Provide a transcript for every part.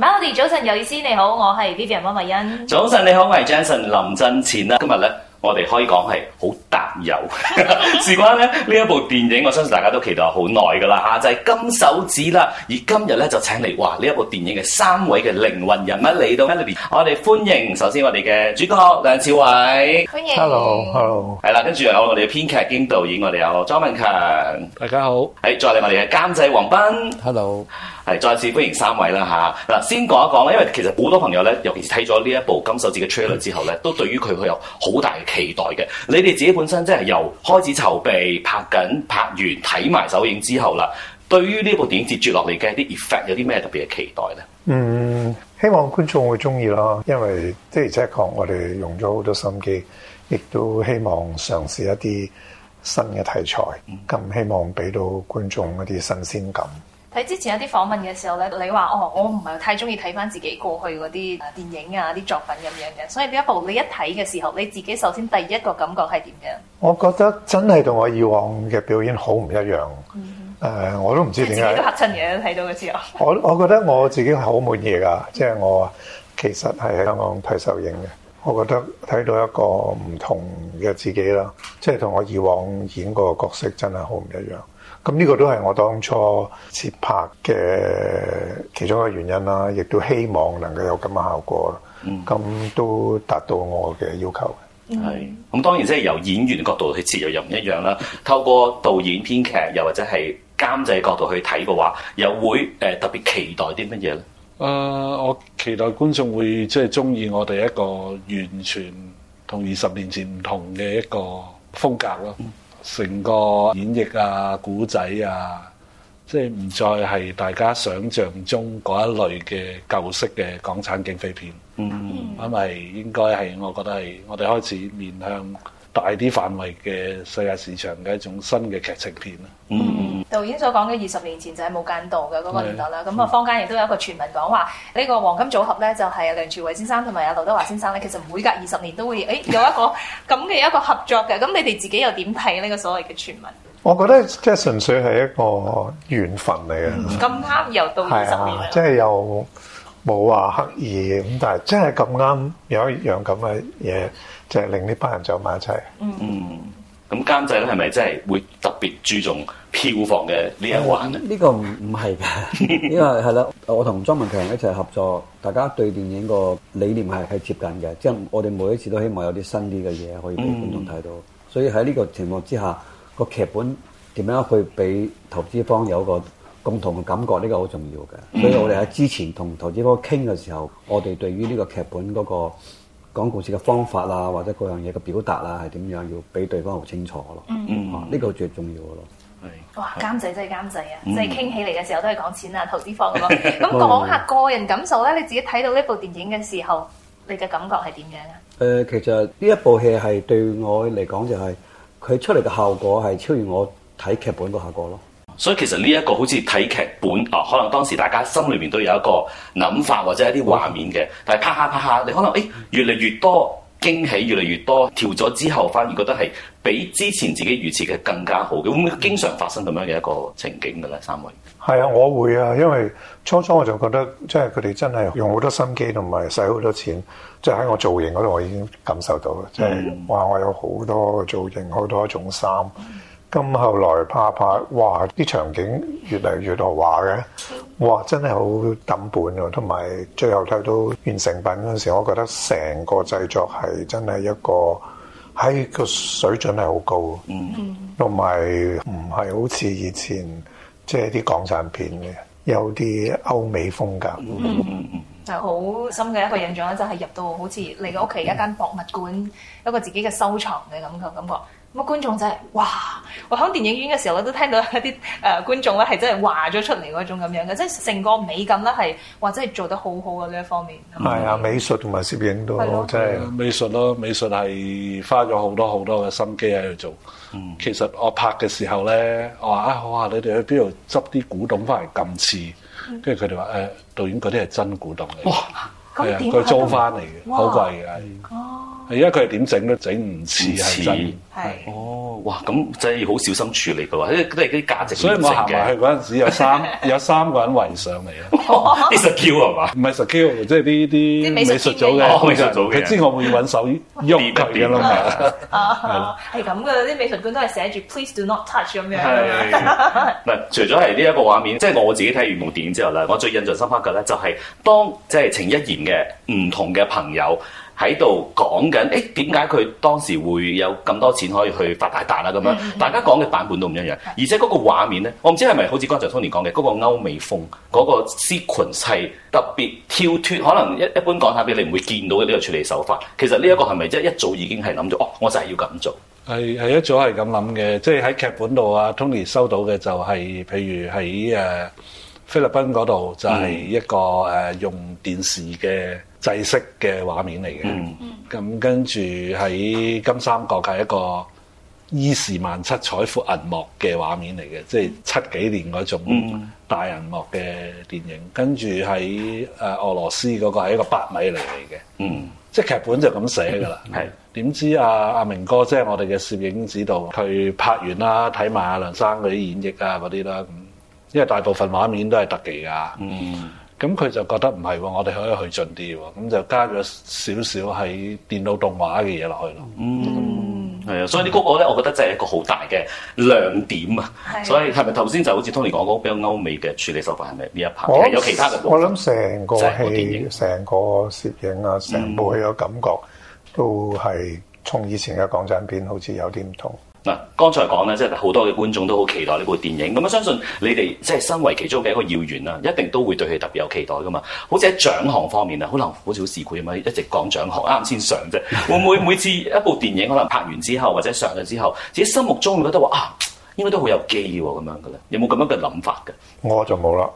馬奧迪，i, 早晨，有意思，你好，我係 Vivian 溫慧欣。早晨你好，我係 Jason 林振前，今日呢。我哋可以講係好擔憂，事關咧呢 一部電影，我相信大家都期待好耐㗎啦嚇，就係、是《金手指》啦。而今日咧就請嚟哇呢一部電影嘅三位嘅靈魂人物嚟到，我哋歡迎首先我哋嘅主角梁朝偉，歡迎，Hello，Hello，係啦，hello, hello，跟住有我哋嘅編劇兼導演，我哋有莊文強，大家好，係再嚟我哋嘅監製黃斌，Hello，係再次歡迎三位啦嚇。嗱、啊，先講一講啦，因為其實好多朋友咧，尤其是睇咗呢一部《金手指》嘅 trailer 之後咧， 都對於佢佢有好大嘅。期待嘅，你哋自己本身即係由開始籌備、拍緊、拍完睇埋首映之後啦，對於呢部電影接住落嚟嘅啲 effect 有啲咩特別嘅期待咧？嗯，希望觀眾會中意咯，因為的而且確我哋用咗好多心機，亦都希望嘗試一啲新嘅題材，咁希望俾到觀眾一啲新鮮感。睇之前一啲訪問嘅時候咧，你話哦，我唔係太中意睇返自己過去嗰啲電影啊、啲作品咁樣嘅，所以呢一部你一睇嘅時候，你自己首先第一個感覺係點樣？我覺得真係同我以往嘅表演好唔一樣。誒、mm hmm. 呃，我都唔知點解。自己都嚇親嘅，睇到嘅時候。 我我覺得我自己好滿意㗎，即係我其實係喺香港睇首映嘅，我覺得睇到一個唔同嘅自己啦，即係同我以往演嗰個角色真係好唔一樣。咁呢個都係我當初接拍嘅其中一個原因啦，亦都希望能夠有咁嘅效果，咁、嗯、都達到我嘅要求。係、嗯，咁當然即係由演員角度去切入又唔一樣啦。嗯、透過導演、編劇又或者係監製角度去睇嘅話，又會誒、呃、特別期待啲乜嘢咧？誒、呃，我期待觀眾會即係中意我哋一個完全同二十年前唔同嘅一個風格咯。嗯成個演繹啊、古仔啊，即係唔再係大家想象中嗰一類嘅舊式嘅港產警匪片。嗯、mm，hmm. 因為係應該係我覺得係我哋開始面向大啲範圍嘅世界市場嘅一種新嘅劇情片啦。嗯、mm。Hmm. 導演所講嘅二十年前就係冇間道嘅嗰、那個年代啦。咁啊、嗯，坊間亦都有一個傳聞講話呢個黃金組合咧，就係、是、梁朝偉先生同埋阿劉德華先生咧，其實每隔二十年都會誒、欸、有一個咁嘅一個合作嘅。咁 你哋自己又點睇呢個所謂嘅傳聞？我覺得即係純粹係一個緣分嚟嘅。咁啱、嗯啊、又到二十年即係又冇話刻意咁，但係真係咁啱有一樣咁嘅嘢，即就係令呢班人走埋一齊。嗯，咁監製咧係咪真係會特別注重？票房嘅呢一呢個唔唔係嘅，因為係啦， 我同莊文強一齊合作，大家對電影個理念係係接近嘅，即、就、係、是，我哋每一次都希望有啲新啲嘅嘢可以俾觀眾睇到，嗯、所以喺呢個情況之下，個劇本點樣去俾投資方有一個共同嘅感覺，呢、這個好重要嘅。所以我哋喺之前同投資方傾嘅時候，我哋對於呢個劇本嗰個講故事嘅方法啊，或者各樣嘢嘅表達啊，係點樣要俾對方好清楚咯，嗯、啊呢、這個最重要嘅咯。哇，監製真係監製啊！嗯、即係傾起嚟嘅時候都係講錢啊，投資方咁咯。咁講下個人感受啦， 你自己睇到呢部電影嘅時候，你嘅感覺係點樣啊？誒、呃，其實呢一部戲係對我嚟講就係、是、佢出嚟嘅效果係超越我睇劇本嘅效果咯。所以其實呢一個好似睇劇本啊、哦，可能當時大家心裏面都有一個諗法或者一啲畫面嘅，嗯、但係拍下拍下，你可能誒、哎、越嚟越多。驚喜越嚟越多，調咗之後反而覺得係比之前自己預設嘅更加好嘅，會唔會經常發生咁樣嘅一個情景㗎咧？三位係啊？我會啊，因為初初我就覺得即係佢哋真係用好多心機同埋使好多錢，即係喺我造型嗰度，我已經感受到啦，即係話我有好多造型，好多一種衫。嗯咁後來拍一拍，哇！啲場景越嚟越豪華嘅，哇！真係好抌本㗎，同埋最後睇到完成品嗰陣時，我覺得成個製作係真係一個，喺、哎、個水準係好高，嗯，同埋唔係好似以前即係啲港產片嘅，有啲歐美風格。就好深嘅一個印象啦，就係、是、入到好似你個屋企一間博物館，嗯、一個自己嘅收藏嘅咁嘅感覺。咁啊、嗯，個觀眾就係、是、哇！我喺電影院嘅時候咧，都聽到一啲誒、呃、觀眾咧係真係話咗出嚟嗰種咁樣嘅，即係成個美感啦，係或者係做得好好嘅呢一方面。係、嗯、啊，美術同埋攝影都真係美術咯，美術係花咗好多好多嘅心機喺度做。嗯、其實我拍嘅時候咧，我話啊，哇！你哋去邊度執啲古董返嚟咁賬？跟住佢哋話：誒、呃、導演嗰啲係真古董嚟，係啊哇，佢租翻嚟嘅，好貴嘅。哦而家佢係點整都整唔似似，哦，哇！咁真係要好小心處理嘅喎，因為都係啲價值，所以我行埋去嗰陣時有三有三個人圍上嚟啊！啲 secure 啊嘛？唔係 secure，即係啲啲美術組嘅，美術組嘅，佢知我會揾手鬱佢嘅咯。係咁嘅，啲美術館都係寫住 Please do not touch 咁樣。唔係，除咗係呢一個畫面，即係我自己睇完部電影之後咧，我最印象深刻嘅咧就係當即係程一言嘅唔同嘅朋友。喺度講緊，誒點解佢當時會有咁多錢可以去發大達啦？咁樣，嗯嗯、大家講嘅版本都唔一樣，而且嗰個畫面咧，我唔知係咪好似剛才 Tony 講嘅嗰個歐美風嗰個 sequence 係特別跳脱，可能一一般講一下畀你唔會見到嘅呢個處理手法。其實呢一個係咪即係一早已經係諗咗？哦，我就係要咁做。係係一早係咁諗嘅，即係喺劇本度啊。Tony 收到嘅就係、是，譬如喺誒。呃菲律賓嗰度就係一個誒、嗯啊、用電視嘅製式嘅畫面嚟嘅，咁、嗯嗯、跟住喺金三角係一個伊士曼七彩闊銀幕嘅畫面嚟嘅，即、就、係、是、七幾年嗰種大銀幕嘅電影。嗯、跟住喺誒俄羅斯嗰個係一個八米嚟嚟嘅，嗯，嗯即係劇本就咁寫㗎喇。係點、嗯、知阿阿、啊、明哥即係我哋嘅攝影指導，佢拍完啦，睇埋阿梁生嗰啲演繹啊嗰啲啦。因為大部分畫面都係特技㗎，咁佢、嗯嗯、就覺得唔係喎，我哋可以去盡啲喎，咁就加咗少少喺電腦動畫嘅嘢落去咯。嗯，係啊、嗯，所以呢嗰個咧，我覺得真係一個好大嘅亮點啊。的所以係咪頭先就好似 Tony 講嗰比較歐美嘅處理手法係咪呢一 part？想有其他嘅，我諗成個戲、成個，個攝影啊、成部戲嘅感覺都係從以前嘅港產片好似有啲唔同。嗱，剛才講咧，即係好多嘅觀眾都好期待呢部電影。咁啊，相信你哋即係身為其中嘅一個要員啦，一定都會對佢特別有期待噶嘛。好似喺獎項方面啊，可能好似好市壺市儈咁啊，一直講獎項，啱先上啫。會唔會每次一部電影可能拍完之後，或者上咗之後，自己心目中會覺得話啊，應該都好有機會咁樣嘅咧？有冇咁樣嘅諗法嘅？我就冇啦。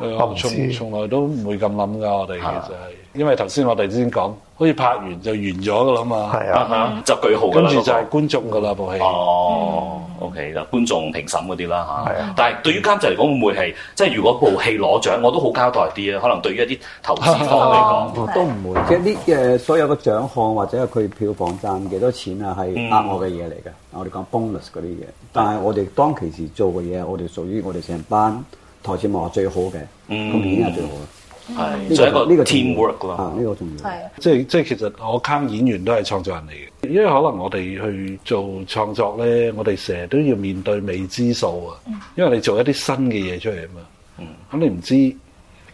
我從從來都唔會咁諗㗎，我哋其實係，因為頭先我哋先講，好似拍完就完咗㗎啦嘛，係啊，就句號啦。跟住就係觀眾㗎啦，部戲。哦，OK 啦，觀眾評審嗰啲啦嚇。係啊。但係對於監製嚟講，會唔會係即係如果部戲攞獎，我都好交代啲啊？可能對於一啲投資方嚟講，都唔會。即係啲誒所有嘅獎項或者係佢票房賺幾多錢啊，係啱我嘅嘢嚟嘅。我哋講 bonus 嗰啲嘢，但係我哋當其時做嘅嘢，我哋屬於我哋成班台前幕後最好嘅、個演員係最好嘅，係做一個呢個 teamwork 咯。啊，呢個重要，係即係即係其實我看演員都係創作人嚟嘅。因為可能我哋去做創作咧，我哋成日都要面對未知數啊，因為你做一啲新嘅嘢出嚟啊嘛，咁你唔知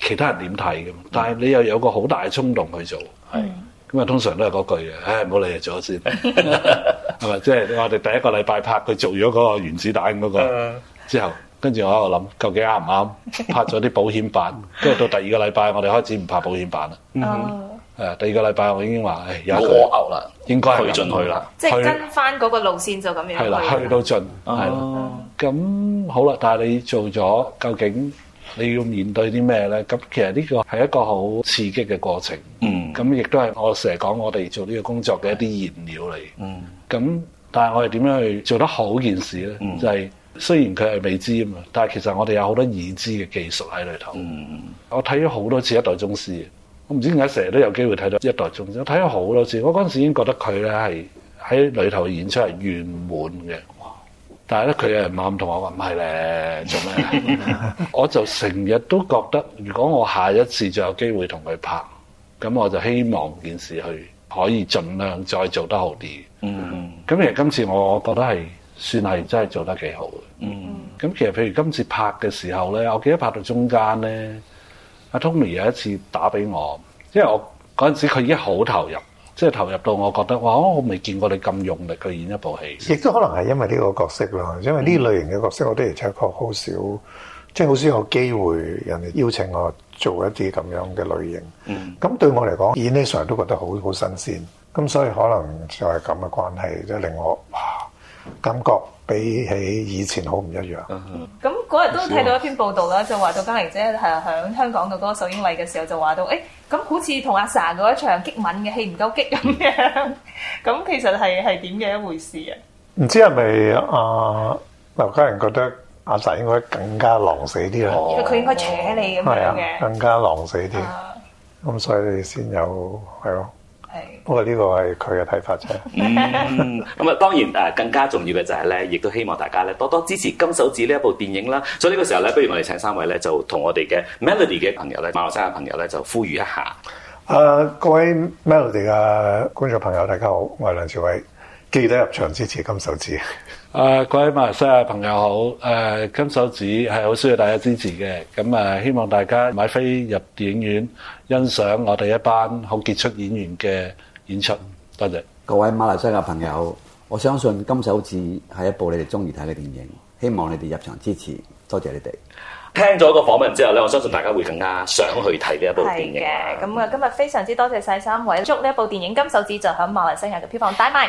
其他人點睇嘅，但係你又有個好大嘅衝動去做，係咁啊，通常都係嗰句嘅，唉，唔好理啊，做咗先，係咪？即係我哋第一個禮拜拍佢做咗嗰個原子彈嗰個之後。跟住我喺度諗，究竟啱唔啱？拍咗啲保險版，跟住到第二個禮拜，我哋開始唔拍保險版啦。哦，誒，第二個禮拜我已經話，誒，有過牛啦，應該去入盡去啦。即係跟翻嗰個路線就咁樣。係啦，去到盡。哦，咁好啦，但係你做咗，究竟你要面對啲咩咧？咁其實呢個係一個好刺激嘅過程。嗯。咁亦都係我成日講，我哋做呢個工作嘅一啲燃料嚟。嗯。咁，但係我哋點樣去做得好件事咧？就係。雖然佢係未知啊嘛，但係其實我哋有好多已知嘅技術喺裏頭。嗯、我睇咗好多次一代宗師，我唔知點解成日都有機會睇到一代宗師。我睇咗好多次，我嗰陣時已經覺得佢咧係喺裏頭演出係圓滿嘅。但係咧，佢有人啱同我話唔係咧，做咩？ 我就成日都覺得，如果我下一次就有機會同佢拍，咁我就希望件事去可，可以盡量再做得好啲。嗯，咁其實、嗯、今次我覺得係。算係真係做得幾好。嗯，咁其實譬如今次拍嘅時候咧，我記得拍到中間咧，阿 Tony 有一次打俾我，因為我嗰陣時佢已經好投入，即係投入到我覺得哇，我未見過你咁用力去演一部戲。亦都、嗯、可能係因為呢個角色咯，因為呢類型嘅角色，我都而且確好少，即係好少有機會人哋邀請我做一啲咁樣嘅類型。嗯，咁對我嚟講，演呢成日都覺得好好新鮮。咁所以可能就係咁嘅關係，即、就、係、是、令我。感覺比起以前好唔一樣。咁嗰日都睇到一篇報道啦，嗯、就話到嘉玲姐係響香港嘅首映禮嘅時候就話到，誒、欸，咁好似同阿 Sa 嗰一場激吻嘅戲唔夠激咁樣。咁 其實係係點嘅一回事啊？唔知係咪阿劉嘉玲覺得阿 Sa 應該更加狼死啲咧？佢佢、嗯啊、應該扯你咁樣嘅、啊啊啊，更加狼死啲。咁、啊、所以你先有係咯。不過呢個係佢嘅睇法啫。咁 啊、嗯嗯，當然誒、呃，更加重要嘅就係咧，亦都希望大家咧多多支持《金手指》呢一部電影啦。所以呢個時候咧，不如我哋請三位咧，就同我哋嘅 Melody 嘅朋友咧，馬來西亞嘅朋友咧，就呼籲一下。誒、呃，各位 Melody 嘅觀眾朋友，大家好，我係梁朝偉。記得入場支持《金手指》。誒、啊，各位馬來西亞朋友好！誒、啊，《金手指》係好需要大家支持嘅，咁啊，希望大家買飛入電影院欣賞我哋一班好傑出演員嘅演出。多謝，謝各位馬來西亞朋友，我相信《金手指》係一部你哋中意睇嘅電影，希望你哋入場支持。多謝你哋。聽咗個訪問之後咧，我相信大家會更加想去睇呢一部電影。係嘅，咁啊，今日非常之多謝晒三位，祝呢一部電影《金手指》就喺馬來西亞嘅票房大賣。